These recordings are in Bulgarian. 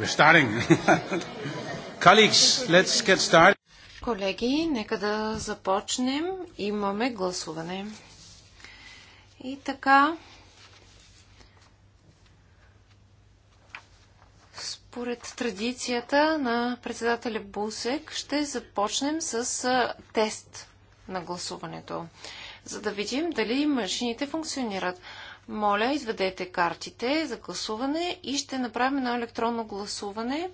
We're starting. Colleagues, let's get started. Колеги, нека да започнем. Имаме гласуване. И така, според традицията на председателя Бусек, ще започнем с тест на гласуването, за да видим дали машините функционират. Моля, изведете картите за гласуване и ще направим едно електронно гласуване.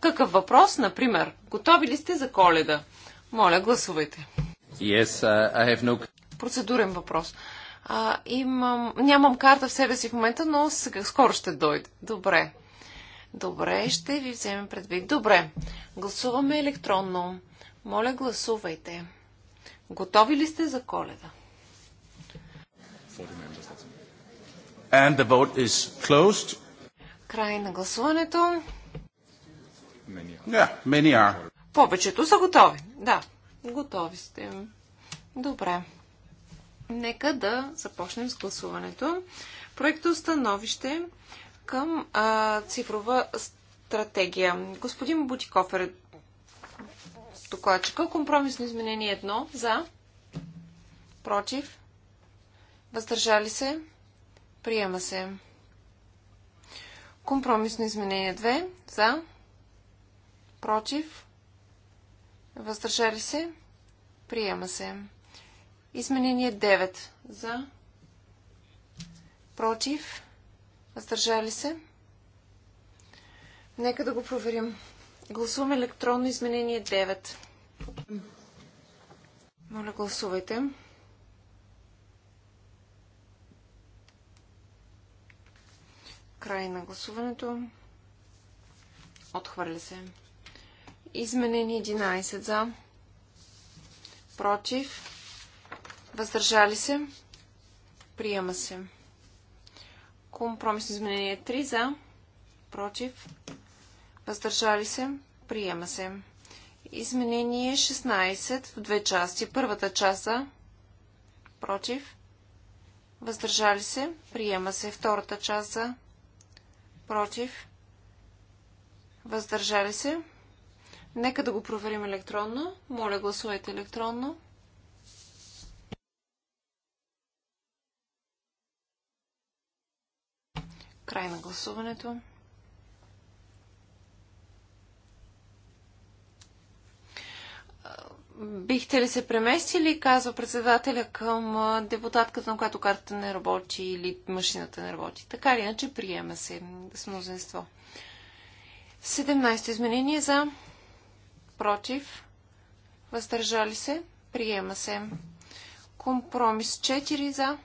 Какъв въпрос, например? Готови ли сте за коледа? Моля, гласувайте. Yes, uh, I have no... Процедурен въпрос. А, имам... Нямам карта в себе си в момента, но сега, скоро ще дойде. Добре. Добре, ще ви вземем предвид. Добре. Гласуваме електронно. Моля, гласувайте. Готови ли сте за коледа? 40 And the vote is closed. Край на гласуването. Да, many are. Повечето са готови. Да, готови сте. Добре. Нека да започнем с гласуването. Проекто становище към а, цифрова стратегия. Господин Бутиков е докладчика. Компромисно изменение едно. За. Против. Въздържали се. Приема се. Компромисно изменение 2. За. Против. Въздържали се. Приема се. Изменение 9. За. Против. Въздържали се. Нека да го проверим. Гласуваме електронно изменение 9. Моля, гласувайте. Край на гласуването. Отхвърля се. Изменени 11 за. Против. Въздържали се. Приема се. Компромисно изменение 3 за. Против. Въздържали се. Приема се. Изменение 16 в две части. Първата част за. Против. Въздържали се. Приема се. Втората част за против, въздържали се. Нека да го проверим електронно. Моля, гласувайте електронно. Край на гласуването. Бихте ли се преместили, казва председателя към депутатката, на която картата не работи или машината не работи. Така или иначе приема се с мнозинство. 17 изменение за против. Въздържали се. Приема се. Компромис 4 за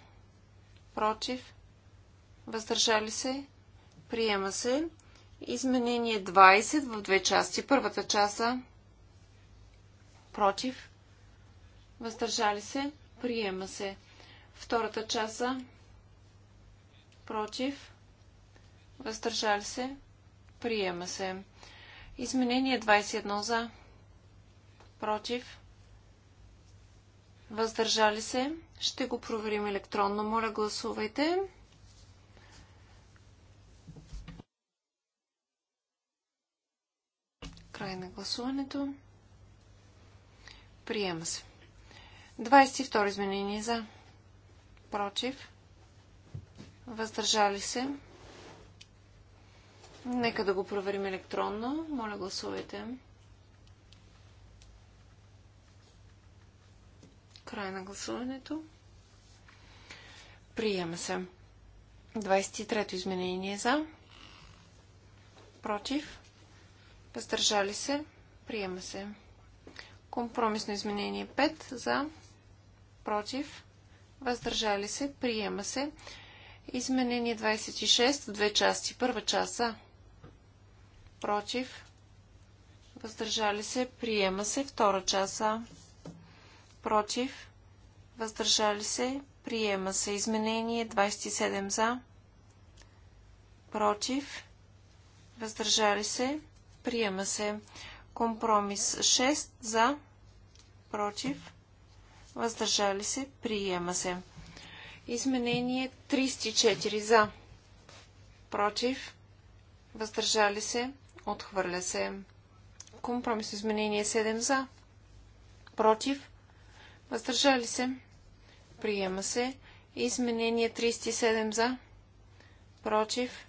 против. Въздържали се. Приема се. Изменение 20 в две части. Първата част за против, въздържали се, приема се. Втората част против, въздържали се, приема се. Изменение 21 за, против, въздържали се. Ще го проверим електронно. Моля, гласувайте. Край на гласуването. Приема се. 22 изменение за. Против. Въздържали се. Нека да го проверим електронно. Моля, гласувайте. Край на гласуването. Приема се. 23-то изменение за. Против. Въздържали се. Приема се. Компромисно изменение 5 за, против, въздържали се, приема се. Изменение 26 в две части. Първа част за, против, въздържали се, приема се. Втора част за, против, въздържали се, приема се. Изменение 27 за, против, въздържали се, приема се. Компромис 6 за, против, въздържали се, приема се. Изменение 34 за, против, въздържали се, отхвърля се. Компромис, изменение 7 за, против, въздържали се, приема се. Изменение 37 за, против,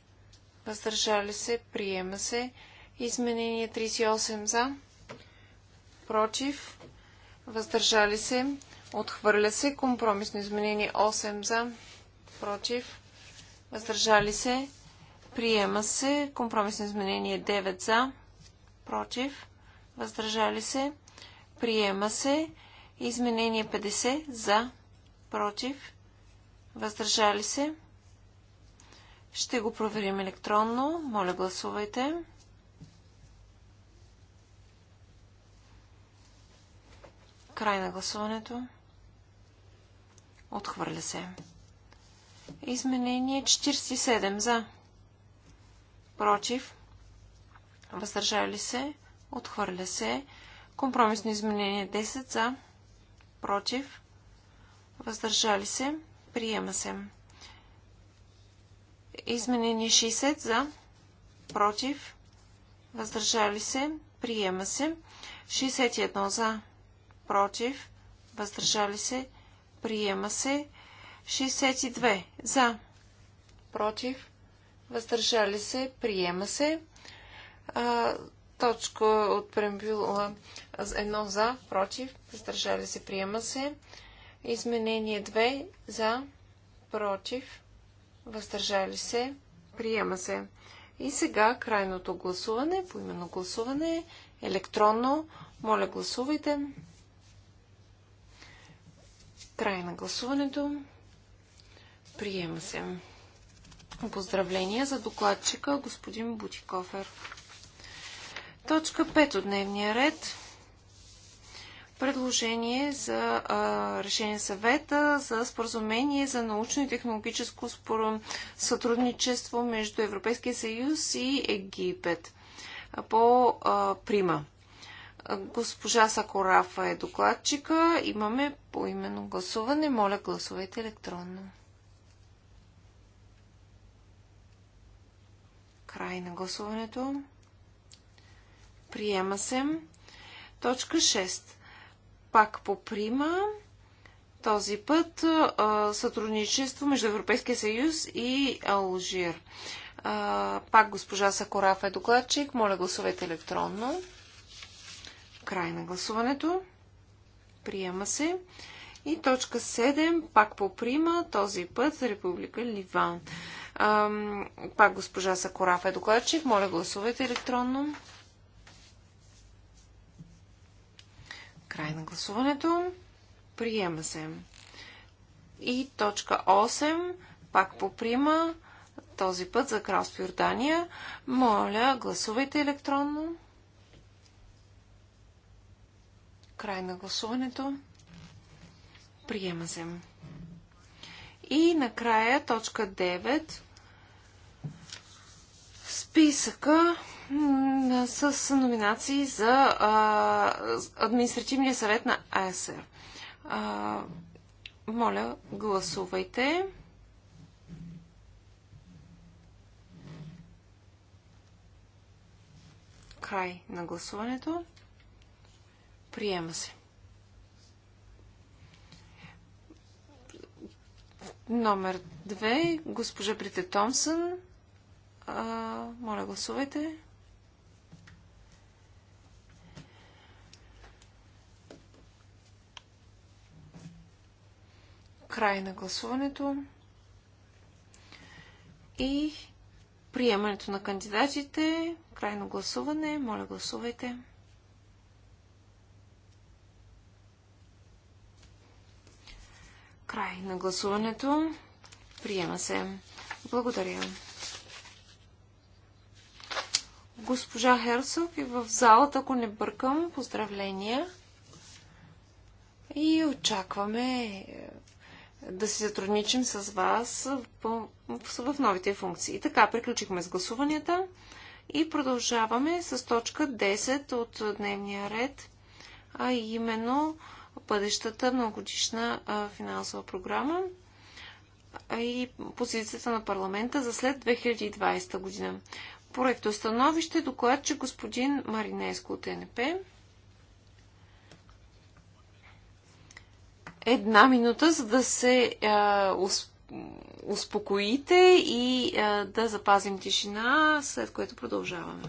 въздържали се, приема се. Изменение 38 за, против, въздържали се, отхвърля се. Компромисно изменение 8 за, против, въздържали се, приема се. Компромисно изменение 9 за, против, въздържали се, приема се. Изменение 50 за, против, въздържали се. Ще го проверим електронно. Моля, гласувайте. Край на гласуването. Отхвърля се. Изменение 47 за. Против. Въздържали се. Отхвърля се. Компромисно изменение 10 за. Против. Въздържали се. Приема се. Изменение 60 за. Против. Въздържали се. Приема се. 61 за против, въздържали се, приема се. 62 за, против, въздържали се, приема се. А, точка от преамбюла 1 за, против, въздържали се, приема се. Изменение 2 за, против, въздържали се, приема се. И сега крайното гласуване, поименно гласуване, електронно. Моля, гласувайте. Край на гласуването. Приема се. Поздравления за докладчика господин Бутикофер. Точка 5 от дневния ред. Предложение за а, решение съвета за споразумение за научно и технологическо сътрудничество между Европейския съюз и Египет по а, прима. Госпожа Сакорафа е докладчика. Имаме поименно гласуване. Моля, гласувайте електронно. Край на гласуването. Приема се. Точка 6. Пак по прима. Този път сътрудничество между Европейския съюз и Алжир. пак госпожа Сакораф е докладчик. Моля, гласувайте електронно. Край на гласуването. Приема се. И точка 7, пак по прима, този път за Република Ливан. Ам, пак госпожа Сакораф е докладчик. Моля, гласувайте електронно. Край на гласуването. Приема се. И точка 8, пак по прима, този път за Кралство Йордания. Моля, гласувайте електронно. Край на гласуването. Приема се. И накрая точка 9. Списъка с номинации за а, административния съвет на АСР. А, моля, гласувайте. Край на гласуването. Приема се. Номер 2. Госпожа Брите Томсън. А, моля, гласувайте. Край на гласуването. И приемането на кандидатите. Крайно гласуване. Моля, гласувайте. Край на гласуването. Приема се. Благодаря. Госпожа Херсов, и е в залата, ако не бъркам. Поздравления. И очакваме е, да си сътрудничим с вас в новите функции. Така, приключихме с гласуванията и продължаваме с точка 10 от дневния ред, а именно бъдещата многогодишна финансова програма и позицията на парламента за след 2020 година. установище, доклад, че господин Маринеско от НП. Една минута, за да се а, успокоите и а, да запазим тишина, след което продължаваме.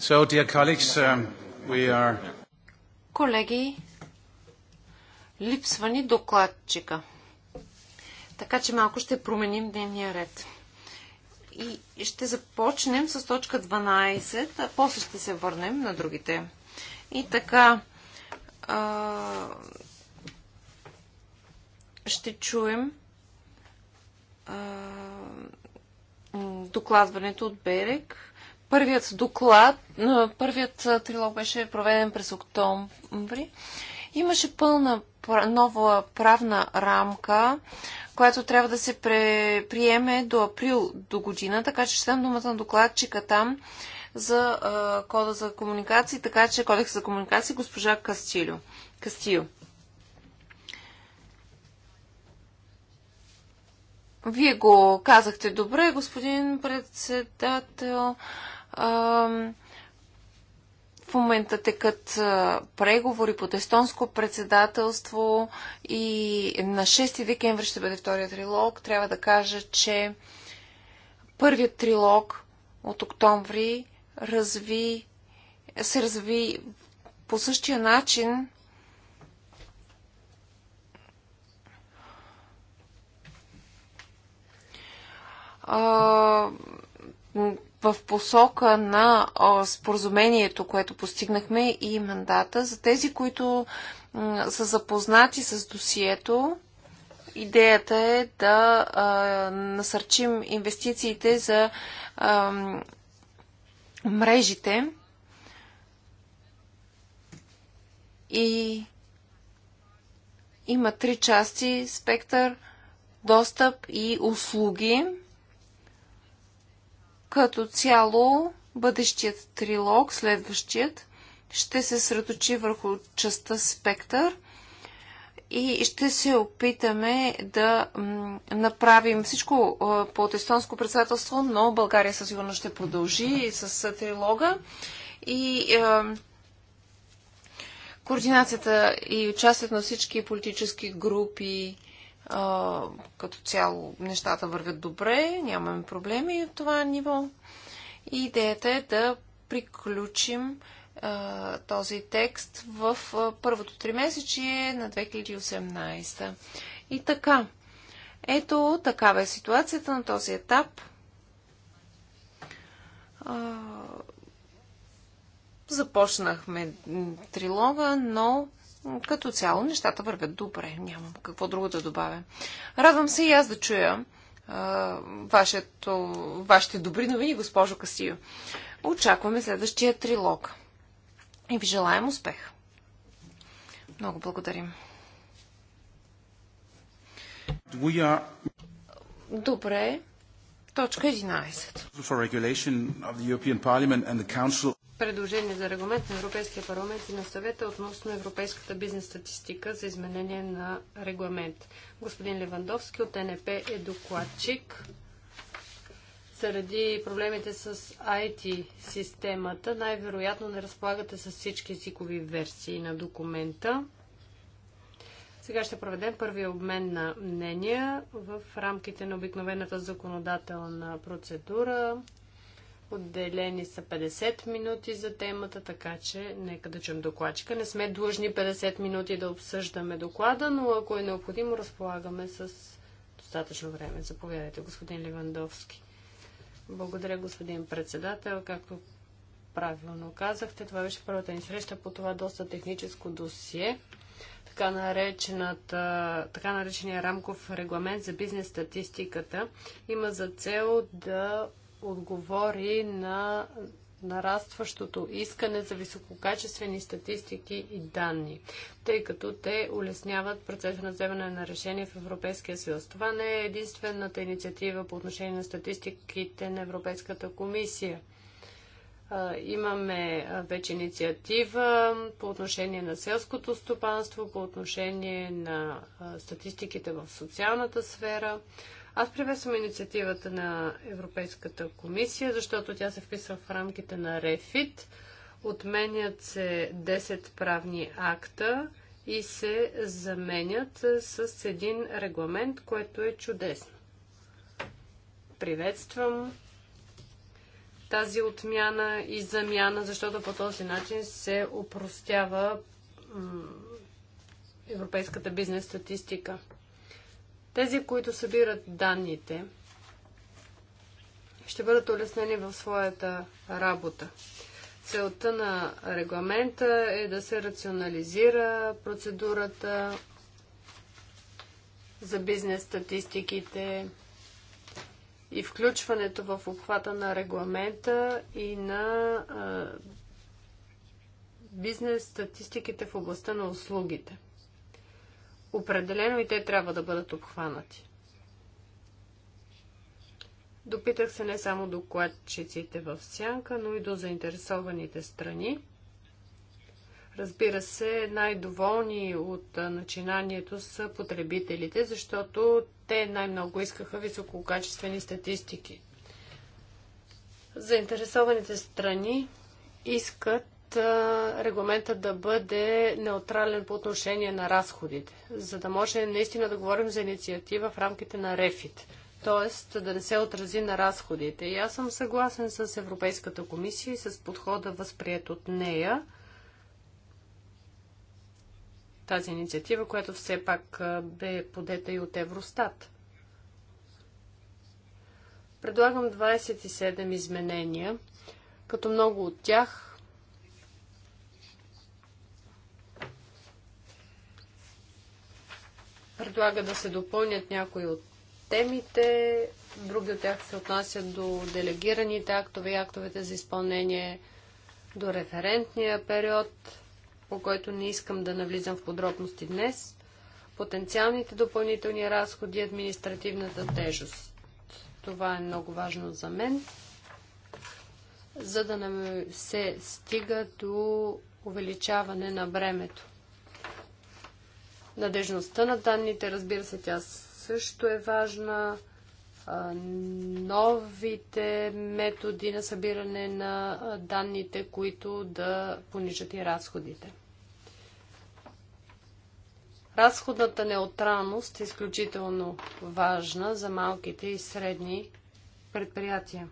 So, dear colleagues, um, we are... Колеги, липсва ни докладчика. Така че малко ще променим дневния ред. И ще започнем с точка 12, а после ще се върнем на другите. И така, а, ще чуем а, докладването от Берег Първият доклад, първият трилог беше проведен през октомври. Имаше пълна нова правна рамка, която трябва да се приеме до април до година, така че ще дам думата на докладчика там за а, кода за комуникации, така че кодекс за комуникации госпожа Кастилю. Кастилю. Вие го казахте добре, господин председател. В момента текат преговори под естонско председателство и на 6 декември ще бъде втория трилог. Трябва да кажа, че първият трилог от октомври разви, се разви по същия начин, в посока на споразумението, което постигнахме и мандата. За тези, които са запознати с досието, идеята е да насърчим инвестициите за мрежите и има три части спектър, достъп и услуги. Като цяло, бъдещият трилог, следващият, ще се средочи върху частта спектър и ще се опитаме да направим всичко под естонско председателство, но България със сигурност ще продължи с трилога и е, координацията и участието на всички политически групи, а, като цяло нещата вървят добре, нямаме проблеми от това ниво. И идеята е да приключим а, този текст в а, първото тримесечие на 2018. И така. Ето, такава е ситуацията на този етап. А, започнахме трилога, но като цяло нещата вървят добре. Нямам какво друго да добавя. Радвам се и аз да чуя а, вашето, вашите добри новини, госпожо Касио. Очакваме следващия трилог. И ви желаем успех. Много благодарим. Добре. Точка 11 предложение за регламент на Европейския парламент и на съвета относно европейската бизнес статистика за изменение на регламент. Господин Левандовски от НП е докладчик. Заради проблемите с IT системата, най-вероятно не разполагате с всички езикови версии на документа. Сега ще проведем първия обмен на мнения в рамките на обикновената законодателна процедура. Отделени са 50 минути за темата, така че нека да чуем докладчика. Не сме длъжни 50 минути да обсъждаме доклада, но ако е необходимо, разполагаме с достатъчно време. Заповядайте, господин Ливандовски. Благодаря, господин председател. Както правилно казахте, това беше първата ни среща по това доста техническо досие. Така, наречената, така наречения рамков регламент за бизнес статистиката има за цел да отговори на нарастващото искане за висококачествени статистики и данни, тъй като те улесняват процеса на вземане на решение в Европейския съюз. Това не е единствената инициатива по отношение на статистиките на Европейската комисия. Имаме вече инициатива по отношение на селското стопанство, по отношение на статистиките в социалната сфера. Аз приветствам инициативата на Европейската комисия, защото тя се вписва в рамките на РЕФИТ. Отменят се 10 правни акта и се заменят с един регламент, което е чудесно. Приветствам тази отмяна и замяна, защото по този начин се упростява европейската бизнес статистика. Тези, които събират данните, ще бъдат улеснени в своята работа. Целта на регламента е да се рационализира процедурата за бизнес статистиките и включването в обхвата на регламента и на бизнес статистиките в областта на услугите. Определено и те трябва да бъдат обхванати. Допитах се не само до в сянка, но и до заинтересованите страни. Разбира се, най-доволни от начинанието са потребителите, защото те най-много искаха висококачествени статистики. Заинтересованите страни искат регламента да бъде неутрален по отношение на разходите, за да може наистина да говорим за инициатива в рамките на РЕФИТ, т.е. да не се отрази на разходите. И аз съм съгласен с Европейската комисия и с подхода възприят от нея тази инициатива, която все пак бе подета и от Евростат. Предлагам 27 изменения, като много от тях предлага да се допълнят някои от темите, други от тях се отнасят до делегираните актове и актовете за изпълнение, до референтния период, по който не искам да навлизам в подробности днес, потенциалните допълнителни разходи и административната тежест. Това е много важно за мен, за да не се стига до увеличаване на бремето. Надежността на данните, разбира се, тя също е важна. Новите методи на събиране на данните, които да понижат и разходите. Разходната неутралност е изключително важна за малките и средни предприятия.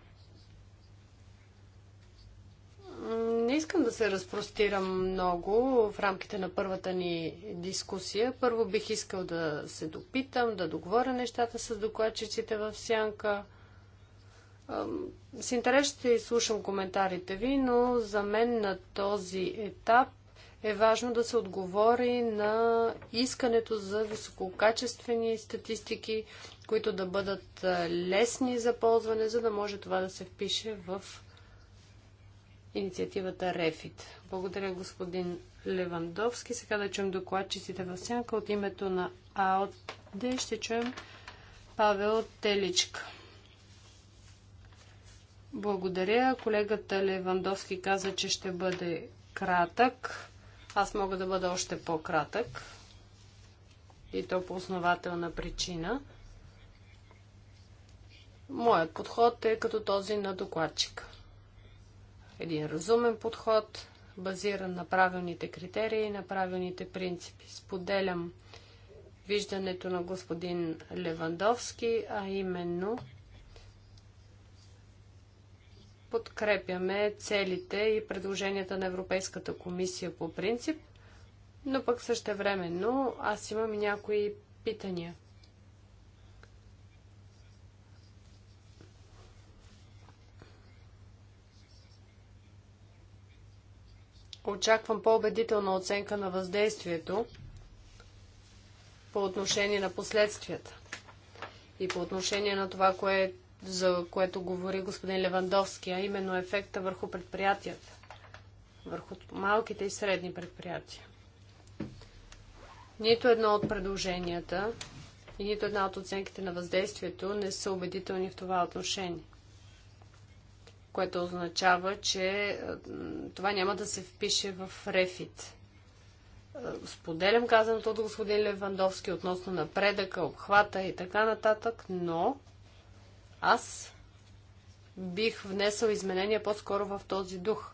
Не искам да се разпростирам много в рамките на първата ни дискусия. Първо бих искал да се допитам, да договоря нещата с докладчиците в сянка. С интерес ще слушам коментарите ви, но за мен на този етап е важно да се отговори на искането за висококачествени статистики, които да бъдат лесни за ползване, за да може това да се впише в инициативата Рефит. Благодаря, господин Левандовски. Сега да чуем докладчиците в сянка от името на АОД. Ще чуем Павел Теличка. Благодаря. Колегата Левандовски каза, че ще бъде кратък. Аз мога да бъда още по-кратък. И то по основателна причина. Моят подход е като този на докладчика един разумен подход, базиран на правилните критерии и на правилните принципи. Споделям виждането на господин Левандовски, а именно подкрепяме целите и предложенията на Европейската комисия по принцип, но пък същевременно аз имам някои питания – очаквам по-убедителна оценка на въздействието по отношение на последствията и по отношение на това, кое, за което говори господин Левандовски, а именно ефекта върху предприятията, върху малките и средни предприятия. Нито едно от предложенията и нито една от оценките на въздействието не са убедителни в това отношение което означава, че е, това няма да се впише в рефит. Е, споделям казаното от господин Левандовски относно напредъка, обхвата и така нататък, но аз бих внесъл изменения по-скоро в този дух.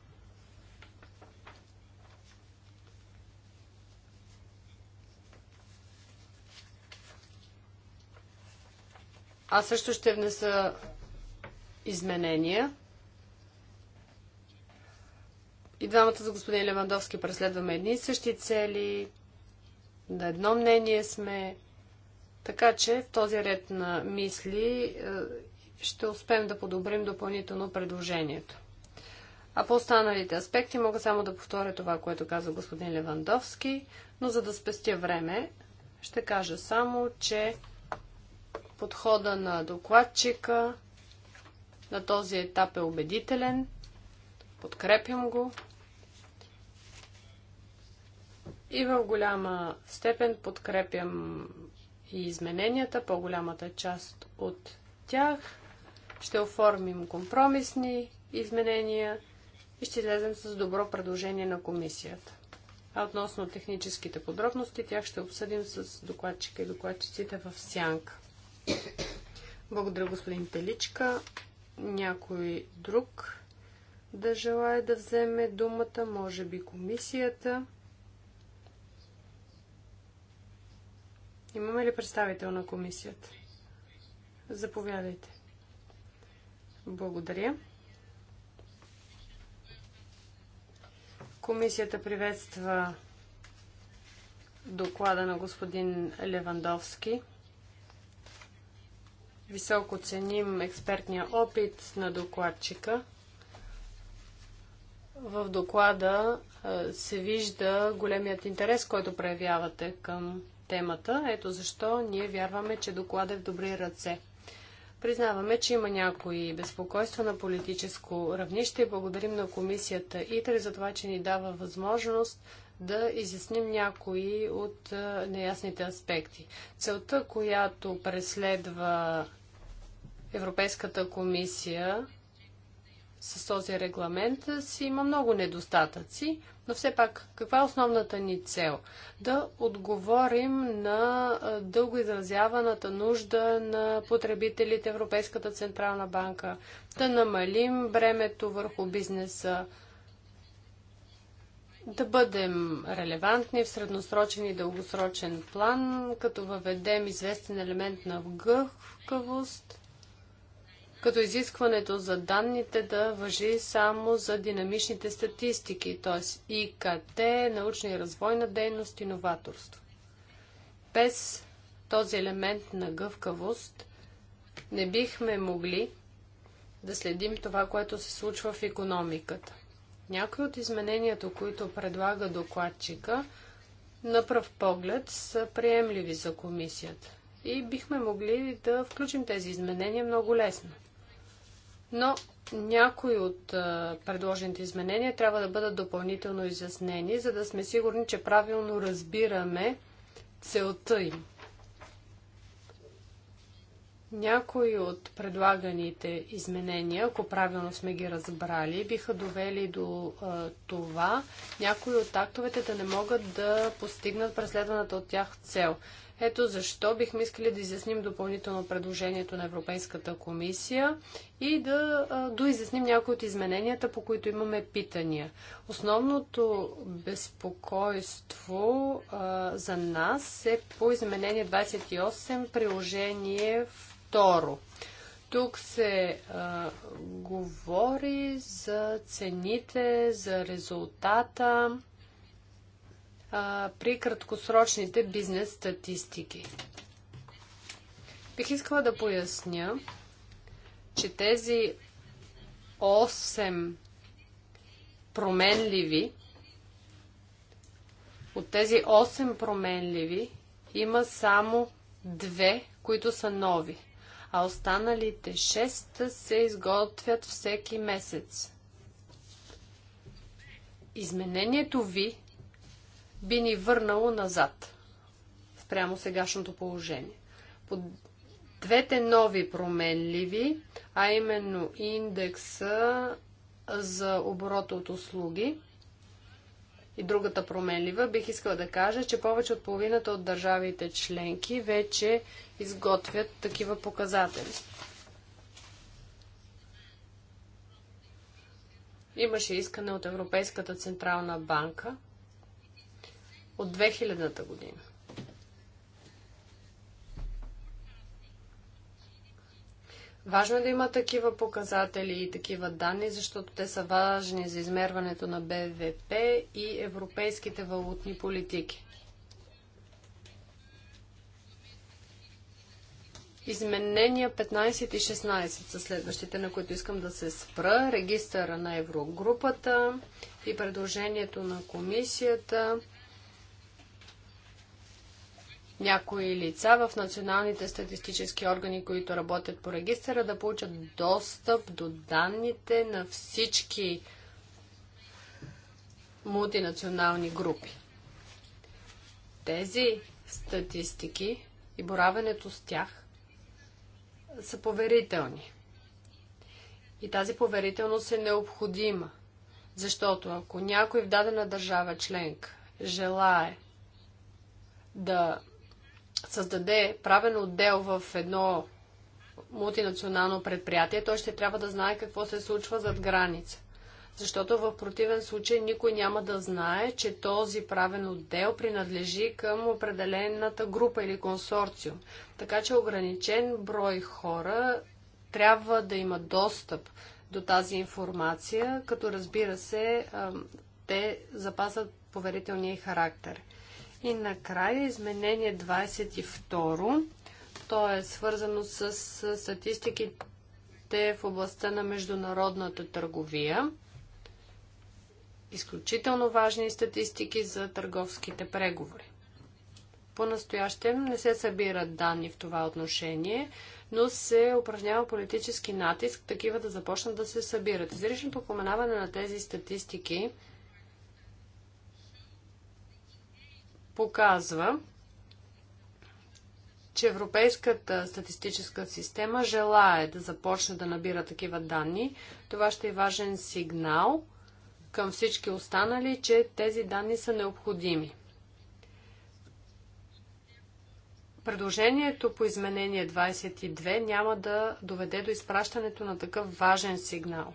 Аз също ще внеса изменения. И двамата за господин Левандовски преследваме едни и същи цели, на едно мнение сме. Така че в този ред на мисли е, ще успеем да подобрим допълнително предложението. А по останалите аспекти мога само да повторя това, което каза господин Левандовски, но за да спестя време, ще кажа само, че подхода на докладчика на този етап е убедителен. Подкрепям го. И в голяма степен подкрепям и измененията, по-голямата част от тях. Ще оформим компромисни изменения и ще излезем с добро предложение на комисията. А относно техническите подробности, тях ще обсъдим с докладчика и докладчиците в сянка. Благодаря, господин Теличка. Някой друг да желая да вземе думата, може би комисията. Имаме ли представител на комисията? Заповядайте. Благодаря. Комисията приветства доклада на господин Левандовски. Високо ценим експертния опит на докладчика. В доклада се вижда големият интерес, който проявявате към темата. Ето защо ние вярваме, че доклад е в добри ръце. Признаваме, че има някои безпокойства на политическо равнище и благодарим на комисията ИТР за това, че ни дава възможност да изясним някои от неясните аспекти. Целта, която преследва Европейската комисия с този регламент си има много недостатъци, но все пак каква е основната ни цел? Да отговорим на дълго изразяваната нужда на потребителите Европейската Централна банка, да намалим бремето върху бизнеса, да бъдем релевантни в средносрочен и дългосрочен план, като въведем известен елемент на гъвкавост – като изискването за данните да въжи само за динамичните статистики, т.е. ИКТ, научна и развойна дейност, и новаторство. Без този елемент на гъвкавост не бихме могли да следим това, което се случва в економиката. Някои от измененията, които предлага докладчика, на пръв поглед са приемливи за комисията и бихме могли да включим тези изменения много лесно но някои от предложените изменения трябва да бъдат допълнително изяснени, за да сме сигурни, че правилно разбираме целта им. Някои от предлаганите изменения, ако правилно сме ги разбрали, биха довели до е, това някои от актовете да не могат да постигнат преследваната от тях цел. Ето защо бихме искали да изясним допълнително предложението на Европейската комисия и да доизясним някои от измененията, по които имаме питания. Основното безпокойство а, за нас е по изменение 28, приложение 2. Тук се а, говори за цените, за резултата при краткосрочните бизнес статистики. Бих искала да поясня, че тези 8 променливи, от тези 8 променливи има само 2, които са нови, а останалите 6 се изготвят всеки месец. Изменението ви би ни върнало назад спрямо сегашното положение. По двете нови променливи, а именно индекса за оборота от услуги и другата променлива, бих искала да кажа, че повече от половината от държавите членки вече изготвят такива показатели. Имаше искане от Европейската централна банка – от 2000-та година. Важно е да има такива показатели и такива данни, защото те са важни за измерването на БВП и европейските валутни политики. Изменения 15 и 16 са следващите, на които искам да се спра. Регистъра на Еврогрупата и предложението на комисията някои лица в националните статистически органи, които работят по регистъра, да получат достъп до данните на всички мултинационални групи. Тези статистики и боравенето с тях са поверителни. И тази поверителност е необходима, защото ако някой в дадена държава членка желае да създаде правен отдел в едно мултинационално предприятие, той ще трябва да знае какво се случва зад граница. Защото в противен случай никой няма да знае, че този правен отдел принадлежи към определената група или консорциум. Така че ограничен брой хора трябва да има достъп до тази информация, като разбира се, те запасат поверителния характер. И накрая изменение 22. То е свързано с статистиките в областта на международната търговия. Изключително важни статистики за търговските преговори. По-настоящем не се събират данни в това отношение, но се упражнява политически натиск такива да започнат да се събират. Изричното поменаване на тези статистики показва, че Европейската статистическа система желае да започне да набира такива данни. Това ще е важен сигнал към всички останали, че тези данни са необходими. Предложението по изменение 22 няма да доведе до изпращането на такъв важен сигнал.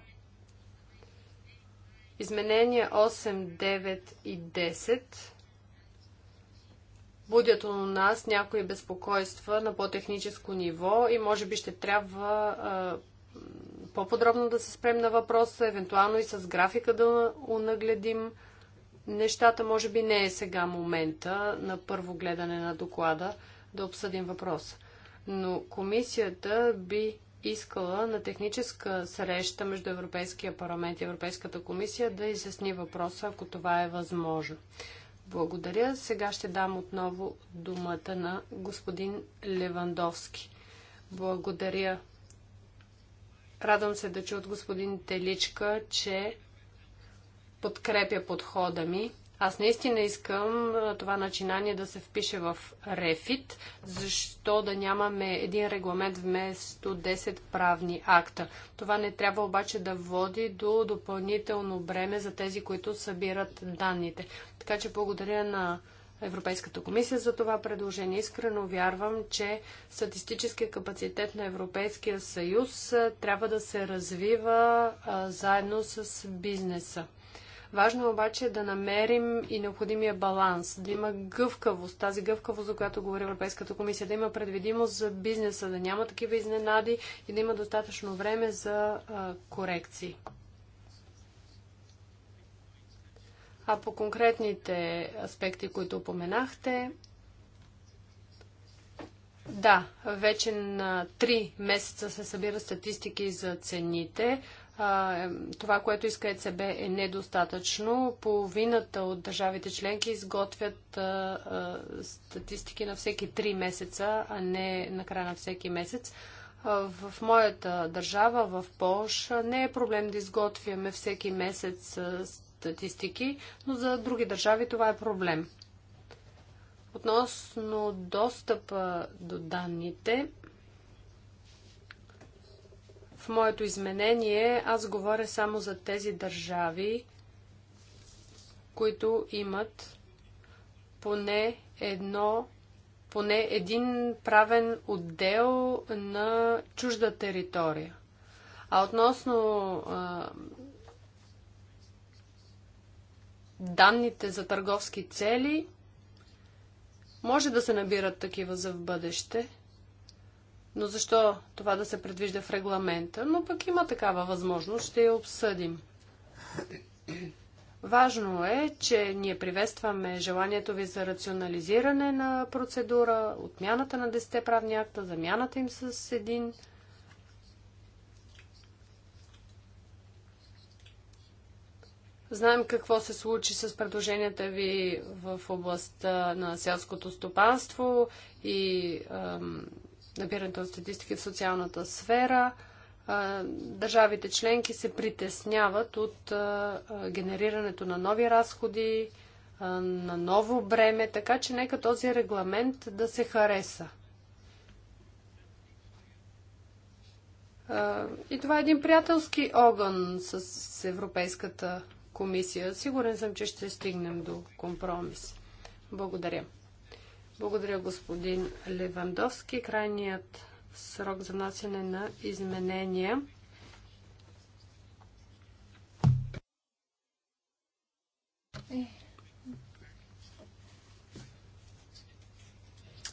Изменения 8, 9 и 10 будят у нас някои безпокойства на по-техническо ниво и може би ще трябва по-подробно да се спрем на въпроса, евентуално и с графика да унагледим нещата. Може би не е сега момента на първо гледане на доклада да обсъдим въпроса. Но комисията би искала на техническа среща между Европейския парламент и Европейската комисия да изясни въпроса, ако това е възможно. Благодаря. Сега ще дам отново думата на господин Левандовски. Благодаря. Радвам се да чу от господин Теличка, че подкрепя подхода ми. Аз наистина искам това начинание да се впише в Рефит, защо да нямаме един регламент вместо 10 правни акта. Това не трябва обаче да води до допълнително бреме за тези, които събират данните. Така че благодаря на Европейската комисия за това предложение. Искрено вярвам, че статистическия капацитет на Европейския съюз трябва да се развива заедно с бизнеса. Важно е обаче е да намерим и необходимия баланс, да има гъвкавост, тази гъвкавост, за която говори Европейската комисия, да има предвидимост за бизнеса, да няма такива изненади и да има достатъчно време за а, корекции. А по конкретните аспекти, които упоменахте, да, вече на 3 месеца се събира статистики за цените това, което иска ЕЦБ е недостатъчно. Половината от държавите членки изготвят статистики на всеки 3 месеца, а не на края на всеки месец. В моята държава, в Польша, не е проблем да изготвяме всеки месец статистики, но за други държави това е проблем. Относно достъпа до данните, моето изменение аз говоря само за тези държави, които имат поне едно, поне един правен отдел на чужда територия. А относно а, данните за търговски цели, може да се набират такива за в бъдеще – но защо това да се предвижда в регламента? Но пък има такава възможност, ще я обсъдим. Важно е, че ние приветстваме желанието ви за рационализиране на процедура, отмяната на 10 правни акта, замяната им с един. Знаем какво се случи с предложенията ви в областта на селското стопанство и набирането на статистики в социалната сфера, държавите членки се притесняват от генерирането на нови разходи, на ново бреме, така че нека този регламент да се хареса. И това е един приятелски огън с Европейската комисия. Сигурен съм, че ще стигнем до компромис. Благодаря. Благодаря, господин Левандовски. Крайният срок за внасяне на изменения е, е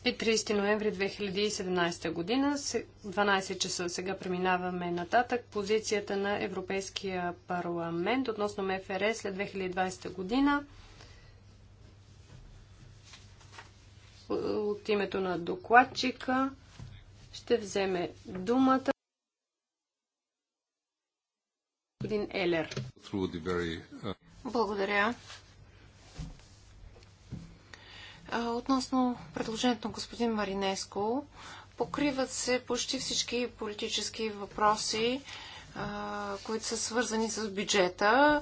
И 30 ноември 2017 година, 12 часа. Сега преминаваме нататък. Позицията на Европейския парламент относно МФР след 2020 година. от името на докладчика ще вземе думата господин Елер. Благодаря. Относно предложението на господин Маринеско, покриват се почти всички политически въпроси, които са свързани с бюджета.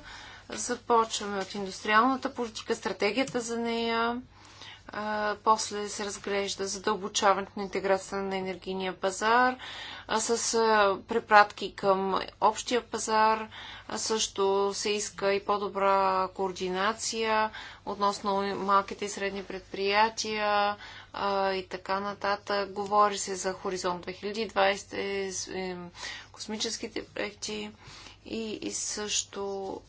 Започваме от индустриалната политика, стратегията за нея, а, после се разглежда задълбочаването на интеграцията на енергийния пазар а, с а, препратки към общия пазар. А, също се иска и по-добра координация относно малките и средни предприятия а, и така нататък. Говори се за Хоризонт 2020, е, е, космическите проекти и, и също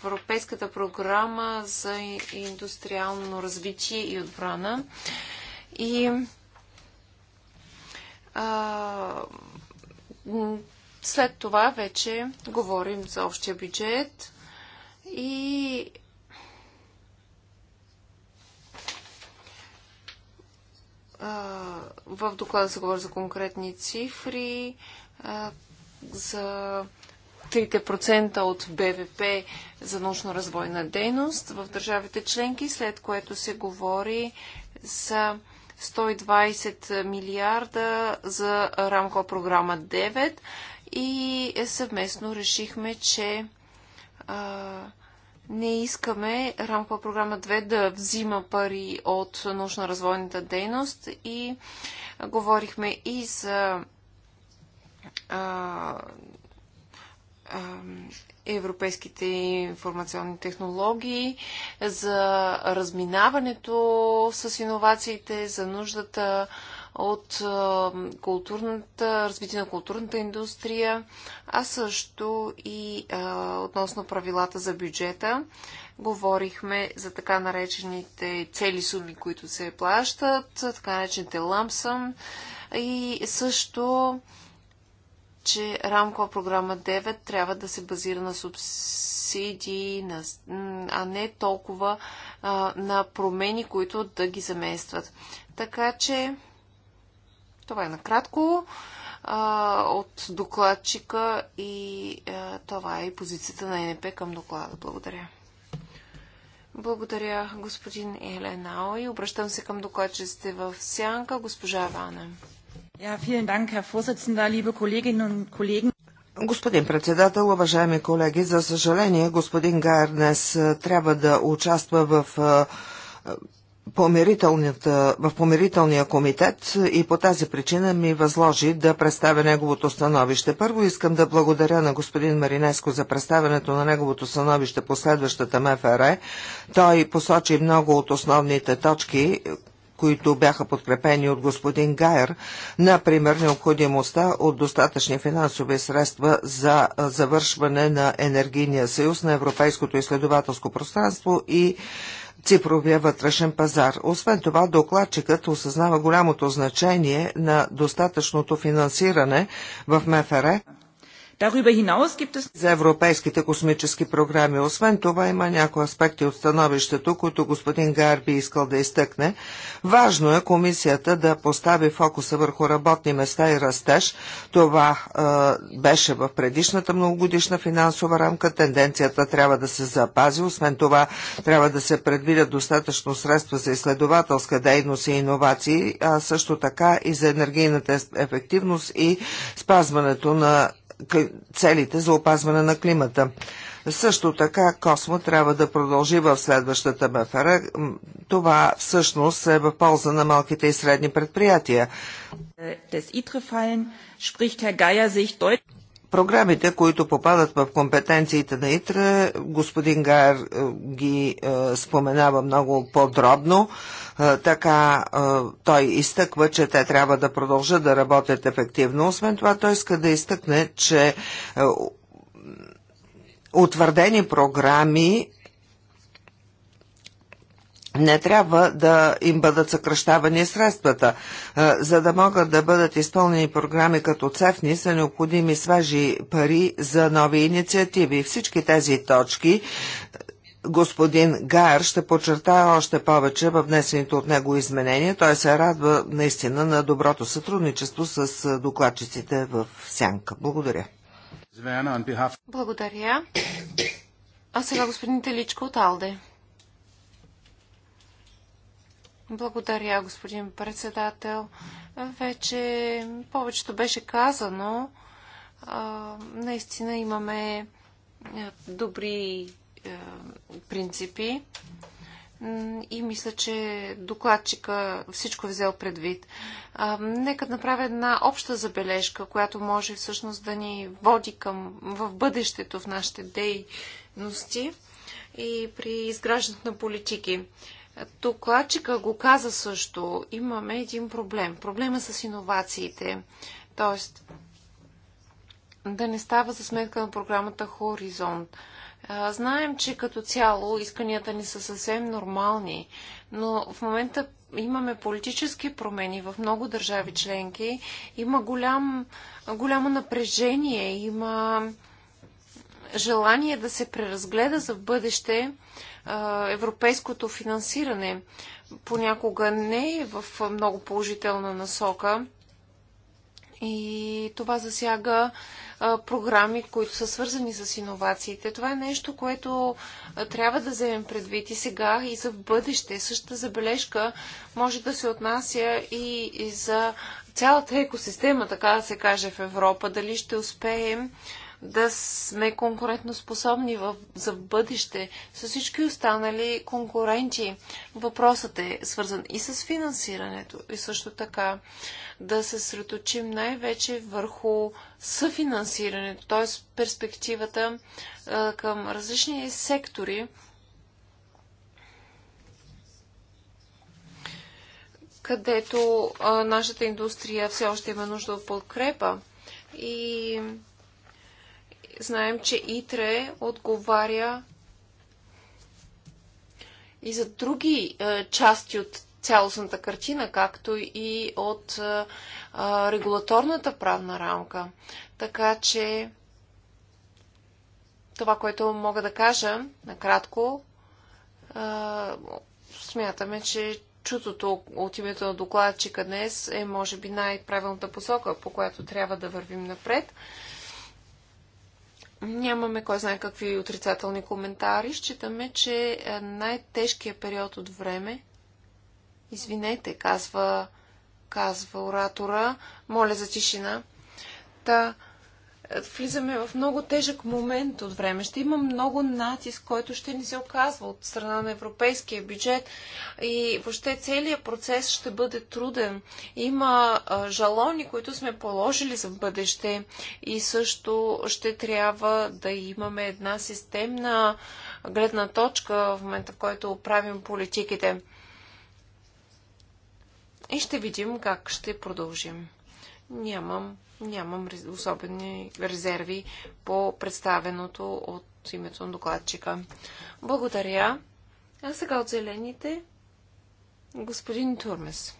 Европейската програма за индустриално развитие и отбрана. И а, след това вече говорим за общия бюджет и в доклада се говори за конкретни цифри, за 3% от БВП за научно-развойна дейност в държавите членки, след което се говори за 120 милиарда за рамкова програма 9 и съвместно решихме, че а, не искаме рамкова програма 2 да взима пари от научно-развойната дейност и говорихме и за а, европейските информационни технологии, за разминаването с иновациите, за нуждата от културната, развитие на културната индустрия, а също и а, относно правилата за бюджета. Говорихме за така наречените цели суми, които се плащат, така наречените лампсъм и също че рамкова програма 9 трябва да се базира на субсидии, на, а не толкова а, на промени, които да ги заместват. Така че това е накратко а, от докладчика и а, това е и позицията на НП към доклада. Благодаря. Благодаря, господин Еленао. И обръщам се към докладчиците в Сянка, госпожа Ивана. Господин председател, уважаеми колеги, за съжаление господин Гайер днес е, трябва да участва в е, в помирителния комитет и по тази причина ми възложи да представя неговото становище. Първо искам да благодаря на господин Маринеско за представянето на неговото становище по следващата МФР. Е. Той посочи много от основните точки, които бяха подкрепени от господин Гайер, например необходимостта от достатъчни финансови средства за завършване на енергийния съюз на Европейското изследователско пространство и цифровия вътрешен пазар. Освен това, докладчикът осъзнава голямото значение на достатъчното финансиране в МФР за европейските космически програми, освен това, има някои аспекти от становището, които господин Гарби искал да изтъкне. Важно е комисията да постави фокуса върху работни места и растеж. Това е, беше в предишната многогодишна финансова рамка. Тенденцията трябва да се запази. Освен това, трябва да се предвидят достатъчно средства за изследователска дейност и иновации, а също така и за енергийната ефективност и спазването на целите за опазване на климата. Също така Космо трябва да продължи в следващата МФР. Това всъщност е в полза на малките и средни предприятия. Програмите, които попадат в компетенциите на ИТРА, господин Гар е, ги е, споменава много подробно, е, така е, той изтъква, че те трябва да продължат да работят ефективно. Освен това, той иска да изтъкне, че е, утвърдени програми не трябва да им бъдат съкръщавани средствата. Е, за да могат да бъдат изпълнени програми като ЦЕФНИ, са необходими свежи пари за нови инициативи. Всички тези точки е, господин Гайер ще подчертая още повече във внесените от него изменения. Той се радва наистина на доброто сътрудничество с е, докладчиците в Сянка. Благодаря. Благодаря. А сега господин Теличко от Алде. Благодаря, господин председател. Вече повечето беше казано. Наистина имаме добри принципи и мисля, че докладчика всичко е взел предвид. Нека направя една обща забележка, която може всъщност да ни води към в бъдещето в нашите дейности и при изграждането на политики. Докладчика го каза също. Имаме един проблем. Проблема е с иновациите. Тоест, да не става за сметка на програмата Хоризонт. Знаем, че като цяло исканията ни са съвсем нормални, но в момента имаме политически промени в много държави членки. Има голям, голямо напрежение, има желание да се преразгледа за бъдеще европейското финансиране понякога не е в много положителна насока. И това засяга програми, които са свързани с иновациите. Това е нещо, което трябва да вземем предвид и сега, и за в бъдеще. Същата забележка може да се отнася и за цялата екосистема, така да се каже, в Европа. Дали ще успеем да сме конкурентоспособни в, за бъдеще с всички останали конкуренти. Въпросът е свързан и с финансирането, и също така да се среточим най-вече върху съфинансирането, т.е. перспективата а, към различни сектори, където а, нашата индустрия все още има нужда от подкрепа. И знаем, че ИТРЕ отговаря и за други е, части от цялостната картина, както и от е, е, регулаторната правна рамка. Така че това, което мога да кажа накратко, е, смятаме, че чутото от името на докладчика днес е, може би, най-правилната посока, по която трябва да вървим напред. Нямаме кой знае какви отрицателни коментари. Считаме, че е, най-тежкият период от време, извинете, казва, казва оратора, моля за тишина, та влизаме в много тежък момент от време. Ще има много натиск, който ще ни се оказва от страна на европейския бюджет и въобще целият процес ще бъде труден. Има жалони, които сме положили за бъдеще и също ще трябва да имаме една системна гледна точка в момента, в който правим политиките. И ще видим как ще продължим. Нямам Нямам особени резерви по представеното от името на докладчика. Благодаря. А сега от зелените господин Турмес.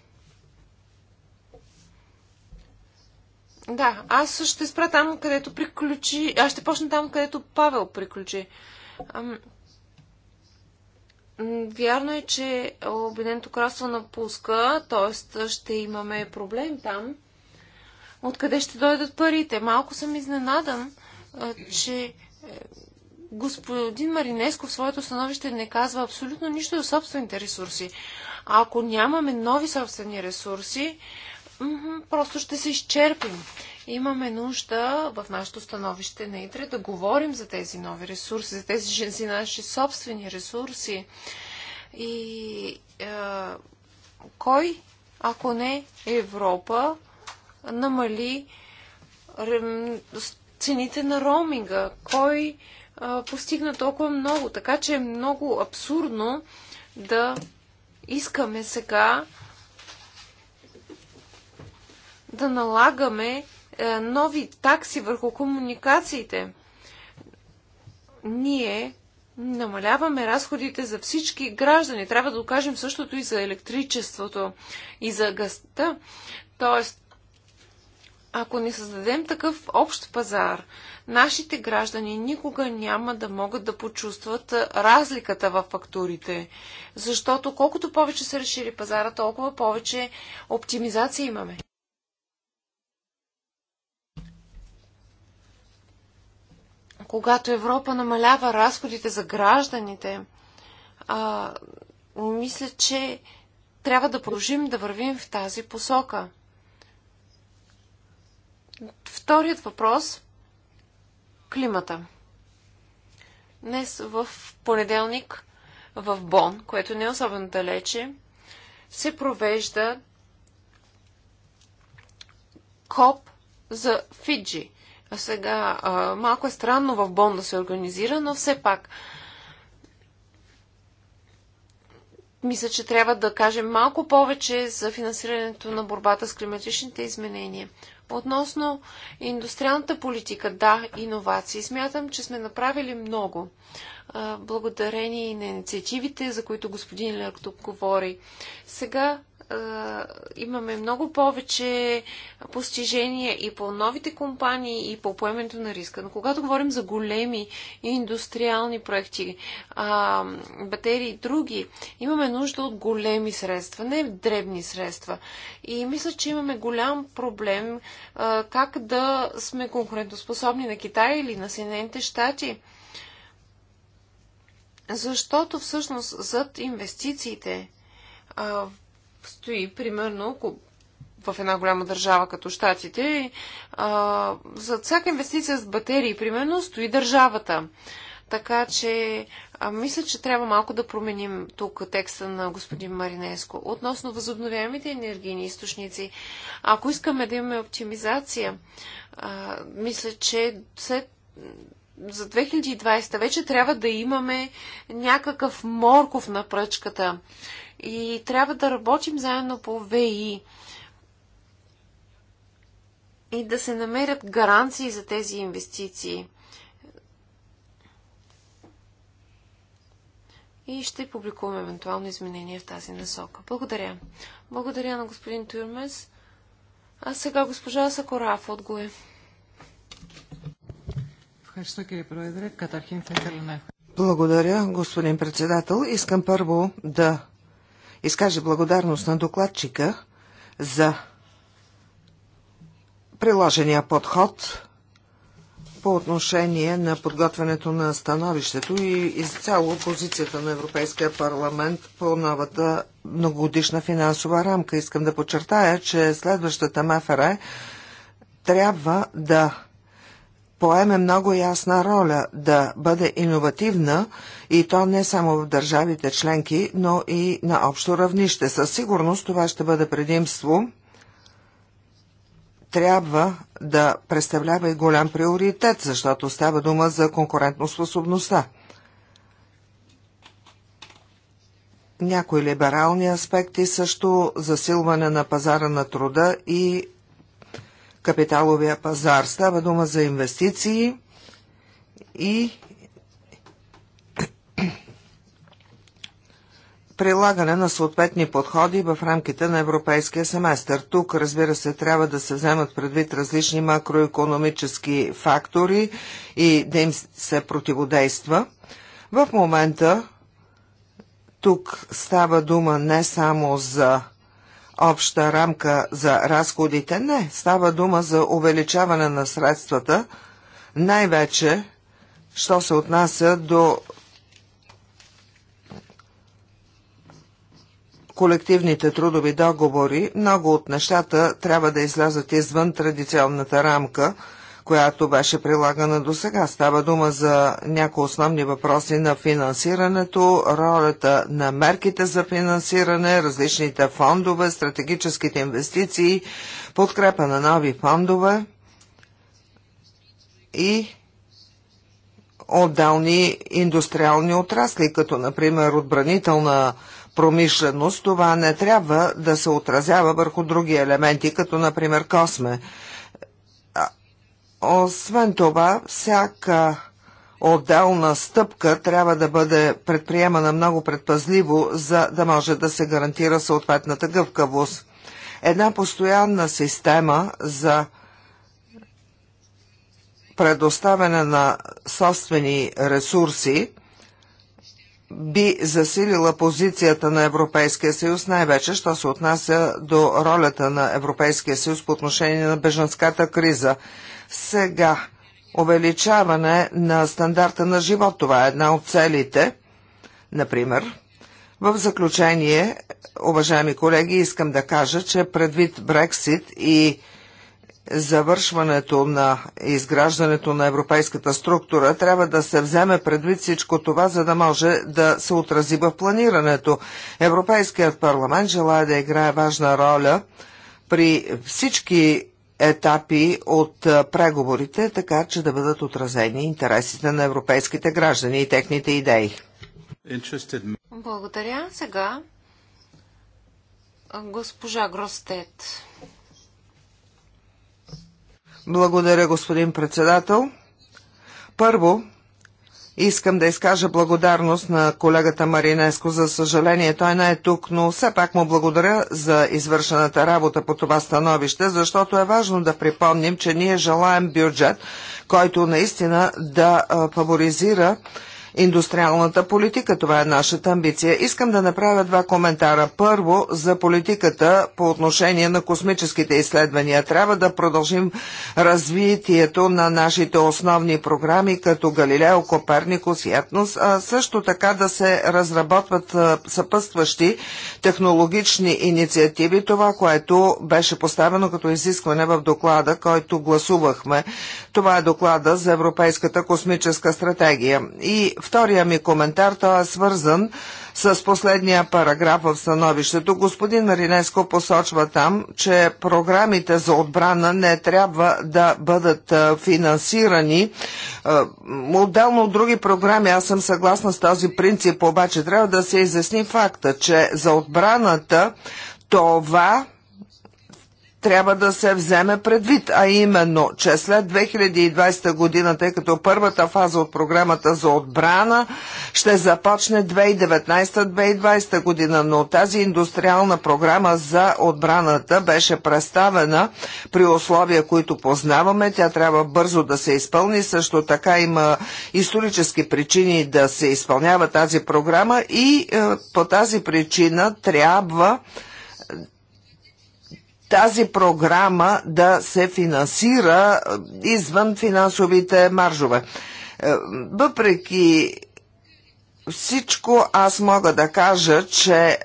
Да, аз ще спра там, където приключи. Аз ще почна там, където Павел приключи. Ам... Вярно е, че Обединеното кралство напуска, т.е. ще имаме проблем там откъде ще дойдат парите. Малко съм изненадан, че е, господин Маринеско в своето становище не казва абсолютно нищо за собствените ресурси. А ако нямаме нови собствени ресурси, просто ще се изчерпим. Имаме нужда в нашето становище на ИТРЕ да говорим за тези нови ресурси, за тези за наши собствени ресурси. И е, кой, ако не Европа, намали цените на роуминга? Кой а, постигна толкова много? Така че е много абсурдно да искаме сега да налагаме а, е, нови такси върху комуникациите. Ние намаляваме разходите за всички граждани. Трябва да докажем същото и за електричеството, и за гъста. Тоест, ако не създадем такъв общ пазар, нашите граждани никога няма да могат да почувстват разликата в фактурите. Защото колкото повече се разшири пазара, толкова повече оптимизация имаме. Когато Европа намалява разходите за гражданите, а, мисля, че трябва да продължим да вървим в тази посока – Вторият въпрос климата. Днес в понеделник в Бон, което не е особено далече, се провежда КОП за Фиджи. А сега а, малко е странно в Бон да се организира, но все пак мисля, че трябва да кажем малко повече за финансирането на борбата с климатичните изменения. Относно индустриалната политика, да, иновации. Смятам, че сме направили много. Благодарение и на инициативите, за които господин Лерк тук говори. Сега имаме много повече постижения и по новите компании, и по поемането на риска. Но когато говорим за големи индустриални проекти, а, батерии и други, имаме нужда от големи средства, не дребни средства. И мисля, че имаме голям проблем а, как да сме конкурентоспособни на Китай или на Съединените щати. Защото всъщност зад инвестициите в стои, примерно, в една голяма държава като Штатите, а, всяка инвестиция с батерии, примерно, стои държавата. Така че, а, мисля, че трябва малко да променим тук текста на господин Маринеско. Относно възобновяемите енергийни източници, ако искаме да имаме оптимизация, а, мисля, че след за 2020 вече трябва да имаме някакъв морков на пръчката. И трябва да работим заедно по ВИ и да се намерят гаранции за тези инвестиции. И ще публикуваме евентуално изменения в тази насока. Благодаря. Благодаря на господин Тюрмес. А сега госпожа Сакораф от Благодаря, господин председател. Искам първо да изкаже благодарност на докладчика за приложения подход по отношение на подготвянето на становището и изцяло позицията на Европейския парламент по новата многогодишна финансова рамка. Искам да подчертая, че следващата МФР трябва да поеме много ясна роля да бъде иновативна и то не само в държавите членки, но и на общо равнище. Със сигурност това ще бъде предимство. Трябва да представлява и голям приоритет, защото става дума за конкурентоспособността. Някои либерални аспекти също засилване на пазара на труда и капиталовия пазар. Става дума за инвестиции и прилагане на съответни подходи в рамките на европейския семестър. Тук, разбира се, трябва да се вземат предвид различни макроекономически фактори и да им се противодейства. В момента тук става дума не само за обща рамка за разходите? Не, става дума за увеличаване на средствата, най-вече, що се отнася до колективните трудови договори, много от нещата трябва да излязат извън традиционната рамка – която беше прилагана до сега. Става дума за някои основни въпроси на финансирането, ролята на мерките за финансиране, различните фондове, стратегическите инвестиции, подкрепа на нови фондове и отделни индустриални отрасли, като например отбранителна промишленост, това не трябва да се отразява върху други елементи, като например косме. Освен това, всяка отделна стъпка трябва да бъде предприемана много предпазливо, за да може да се гарантира съответната гъвкавост. Една постоянна система за предоставяне на собствени ресурси би засилила позицията на Европейския съюз, най-вече, що се отнася до ролята на Европейския съюз по отношение на бежанската криза. Сега, увеличаване на стандарта на живот, това е една от целите, например. В заключение, уважаеми колеги, искам да кажа, че предвид Брексит и завършването на изграждането на европейската структура, трябва да се вземе предвид всичко това, за да може да се отрази в планирането. Европейският парламент желая да играе важна роля при всички етапи от преговорите, така че да бъдат отразени интересите на европейските граждани и техните идеи. Благодаря. Сега госпожа Гростет. Благодаря, господин председател. Първо, Искам да изкажа благодарност на колегата Маринеско. За съжаление, той не е тук, но все пак му благодаря за извършената работа по това становище, защото е важно да припомним, че ние желаем бюджет, който наистина да фаворизира индустриалната политика. Това е нашата амбиция. Искам да направя два коментара. Първо, за политиката по отношение на космическите изследвания. Трябва да продължим развитието на нашите основни програми, като Галилео, Коперникус и Етнос, а също така да се разработват съпътстващи технологични инициативи. Това, което беше поставено като изискване в доклада, който гласувахме. Това е доклада за Европейската космическа стратегия. И Втория ми коментар, той е свързан с последния параграф в становището. Господин Маринеско посочва там, че програмите за отбрана не трябва да бъдат финансирани. Отделно от други програми, аз съм съгласна с този принцип, обаче трябва да се изясни факта, че за отбраната това трябва да се вземе предвид, а именно, че след 2020 година, тъй като първата фаза от програмата за отбрана ще започне 2019-2020 година, но тази индустриална програма за отбраната беше представена при условия, които познаваме. Тя трябва бързо да се изпълни. Също така има исторически причини да се изпълнява тази програма и е, по тази причина трябва тази програма да се финансира е, извън финансовите маржове. Е, въпреки всичко аз мога да кажа, че е,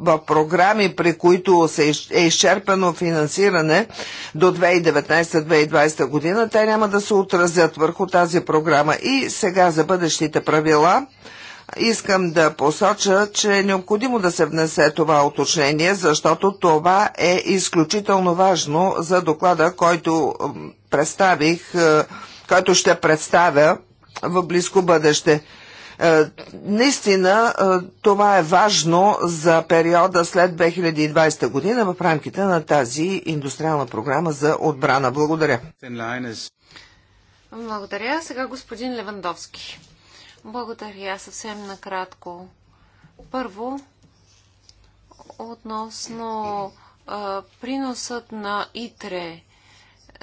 в програми, при които е изчерпено финансиране до 2019-2020 година, те няма да се отразят върху тази програма. И сега за бъдещите правила – Искам да посоча, че е необходимо да се внесе това уточнение, защото това е изключително важно за доклада, който представих, е, който ще представя в близко бъдеще. Е, наистина е, това е важно за периода след 2020 година в рамките на тази индустриална програма за отбрана. Благодаря. Благодаря. Сега господин Левандовски. Благодаря съвсем накратко. Първо, относно а, приносът на ИТРЕ.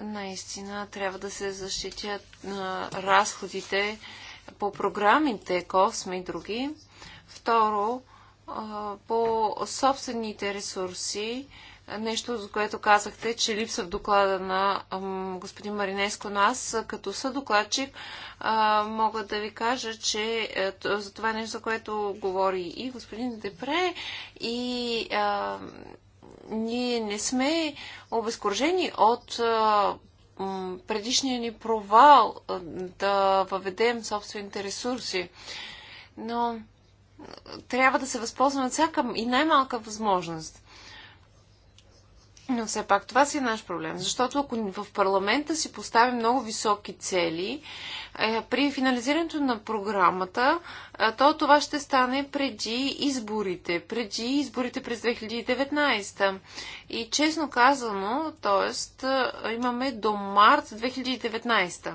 Наистина трябва да се защитят а, разходите по програмите косми и други. Второ, а, по собствените ресурси нещо, за което казахте, че липса в доклада на господин Маринеско, но аз като съдокладчик мога да ви кажа, че е, за това е нещо, за което говори и господин Депре, и а, ние не сме обезкуражени от а, предишния ни провал да въведем собствените ресурси. Но трябва да се възползваме от всяка и най-малка възможност. Но все пак това си е наш проблем, защото ако в парламента си поставим много високи цели, е, при финализирането на програмата, е, то това ще стане преди изборите, преди изборите през 2019. И честно казано, т.е. имаме до март 2019.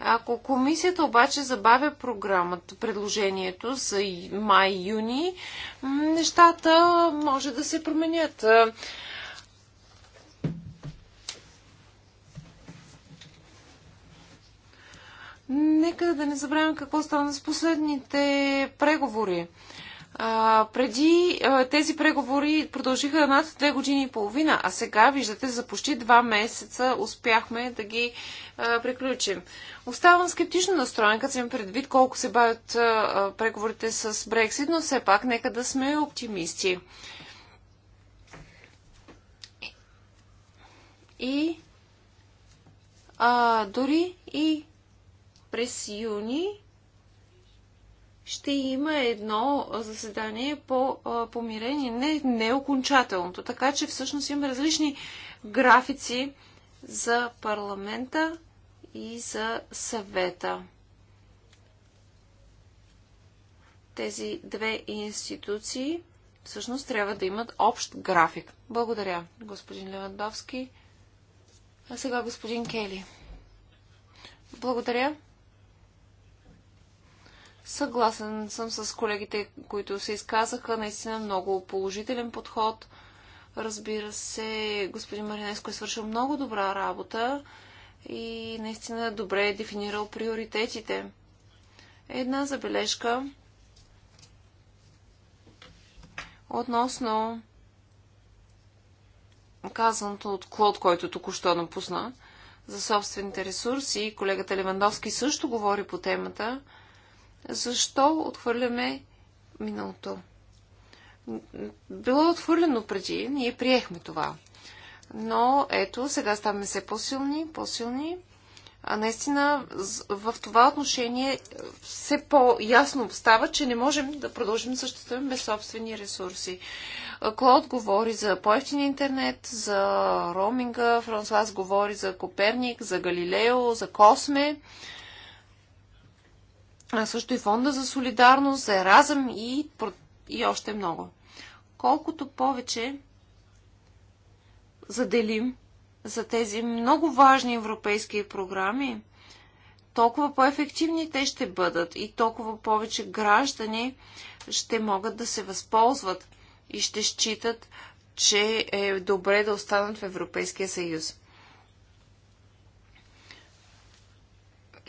Ако комисията обаче забавя програмата, предложението за май-юни, нещата може да се променят. Е, Нека да не забравим какво стана с последните преговори. А, преди а, тези преговори продължиха над две години и половина, а сега, виждате, за почти два месеца успяхме да ги а, приключим. Оставам скептично настроен, като съм предвид колко се бавят а, преговорите с Брексит, но все пак нека да сме оптимисти. И а, дори и през юни ще има едно заседание по помирение, не, не е окончателното. Така че всъщност имаме различни графици за парламента и за съвета. Тези две институции всъщност трябва да имат общ график. Благодаря, господин Левандовски. А сега господин Кели. Благодаря. Съгласен съм с колегите, които се изказаха. Наистина много положителен подход. Разбира се, господин Маринеско е свършил много добра работа и наистина добре е дефинирал приоритетите. Една забележка относно казаното от Клод, който току-що напусна за собствените ресурси. Колегата Левандовски също говори по темата защо отхвърляме миналото. Било е отхвърлено преди, ние приехме това. Но ето, сега ставаме все по-силни, по-силни. А наистина в това отношение е, все по-ясно става, че не можем да продължим да съществуваме без собствени ресурси. Е, Клод говори за поевтин интернет, за роуминга, Франсуаз говори за Коперник, за Галилео, за Косме а също и фонда за солидарност, Еразъм и, и още много. Колкото повече заделим за тези много важни европейски програми, толкова по-ефективни те ще бъдат и толкова повече граждани ще могат да се възползват и ще считат, че е добре да останат в Европейския съюз.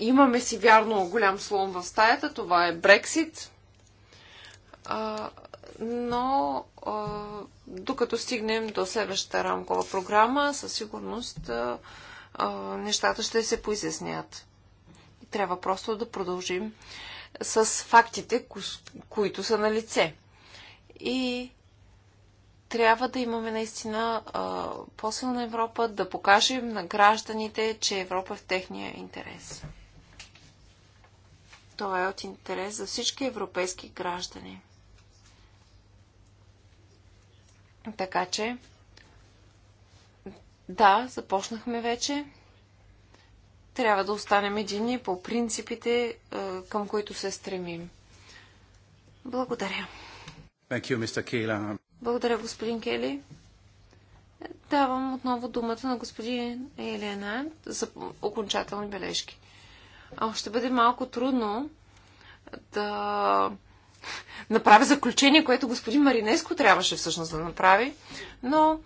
Имаме си вярно голям слон в стаята, това е Брексит. Но докато стигнем до следващата рамкова програма, със сигурност нещата ще се поизяснят. Трябва просто да продължим с фактите, които са на лице. И трябва да имаме наистина по-силна Европа, да покажем на гражданите, че Европа е в техния интерес. Това е от интерес за всички европейски граждани. Така че, да, започнахме вече. Трябва да останем едини по принципите, е, към които се стремим. Благодаря. You, Благодаря, господин Кели. Давам отново думата на господин Елена за окончателни бележки ще бъде малко трудно да направя заключение, което господин Маринеско трябваше всъщност да направи, но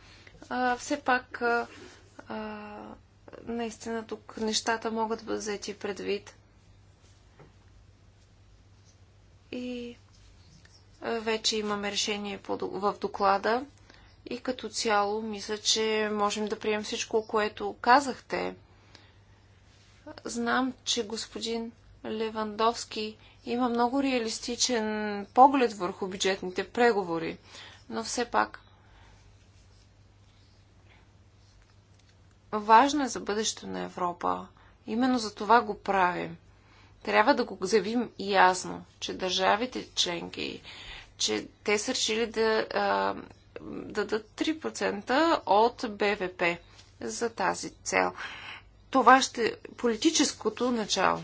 а, все пак а, а, наистина тук нещата могат да бъдат взети предвид. И вече имаме решение в доклада и като цяло мисля, че можем да прием всичко, което казахте. Знам, че господин Левандовски има много реалистичен поглед върху бюджетните преговори, но все пак важно е за бъдещето на Европа. Именно за това го правим. Трябва да го заявим ясно, че държавите членки, че те са решили да, да дадат 3% от БВП за тази цел това ще политическото начало.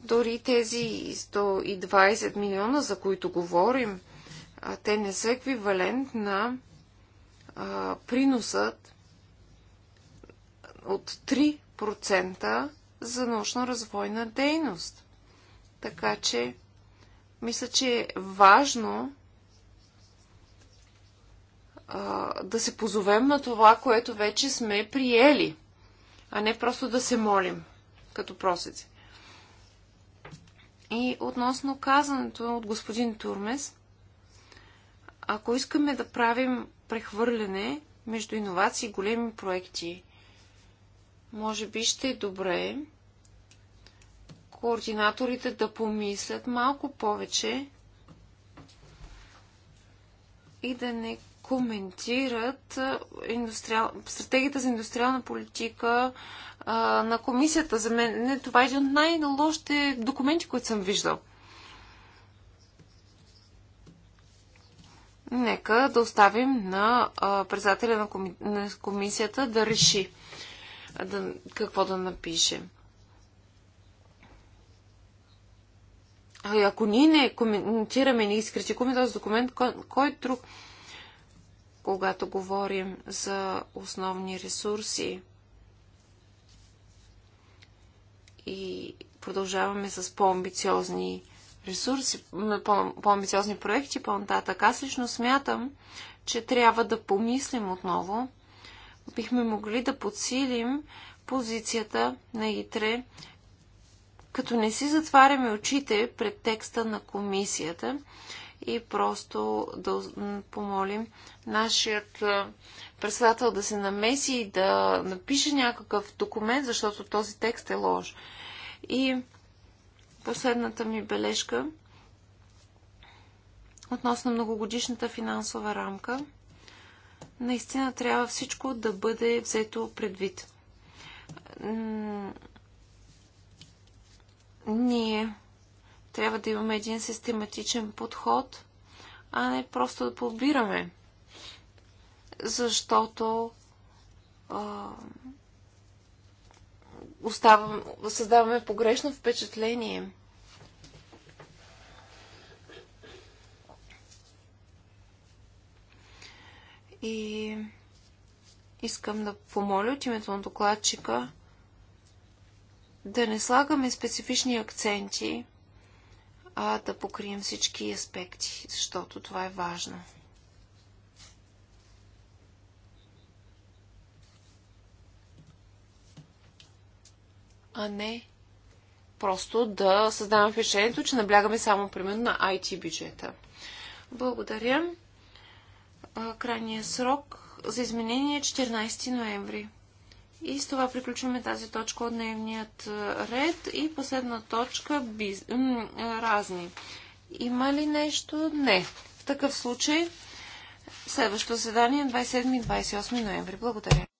Дори тези 120 милиона, за които говорим, те не са еквивалент на а, приносът от 3% за научно-развойна дейност. Така че, мисля, че е важно а, да се позовем на това, което вече сме приели а не просто да се молим като просеци. И относно казаното от господин Турмес, ако искаме да правим прехвърляне между иновации и големи проекти, може би ще е добре координаторите да помислят малко повече и да не коментират индустриал... стратегията за индустриална политика а, на комисията. За мен не, това е един от най-лошите документи, които съм виждал. Нека да оставим на председателя на, коми... на комисията да реши да, какво да напише. ако ние не коментираме, не изкритикуваме този документ, кой, кой друг? когато говорим за основни ресурси и продължаваме с по-амбициозни ресурси, по-амбициозни проекти по-нататък. Аз лично смятам, че трябва да помислим отново. Бихме могли да подсилим позицията на ИТРЕ, като не си затваряме очите пред текста на комисията и просто да помолим нашият председател да се намеси и да напише някакъв документ, защото този текст е лож. И последната ми бележка относно многогодишната финансова рамка. Наистина трябва всичко да бъде взето предвид. Ние трябва да имаме един систематичен подход, а не просто да побираме. Защото а, оставам, създаваме погрешно впечатление. И искам да помоля от името на докладчика да не слагаме специфични акценти а да покрием всички аспекти, защото това е важно. А не просто да създаваме впечатлението, че наблягаме само примерно на IT бюджета. Благодаря. Крайният срок за изменение е 14 ноември. И с това приключваме тази точка от дневният ред. И последна точка биз... разни. Има ли нещо? Не. В такъв случай следващото заседание 27-28 ноември. Благодаря.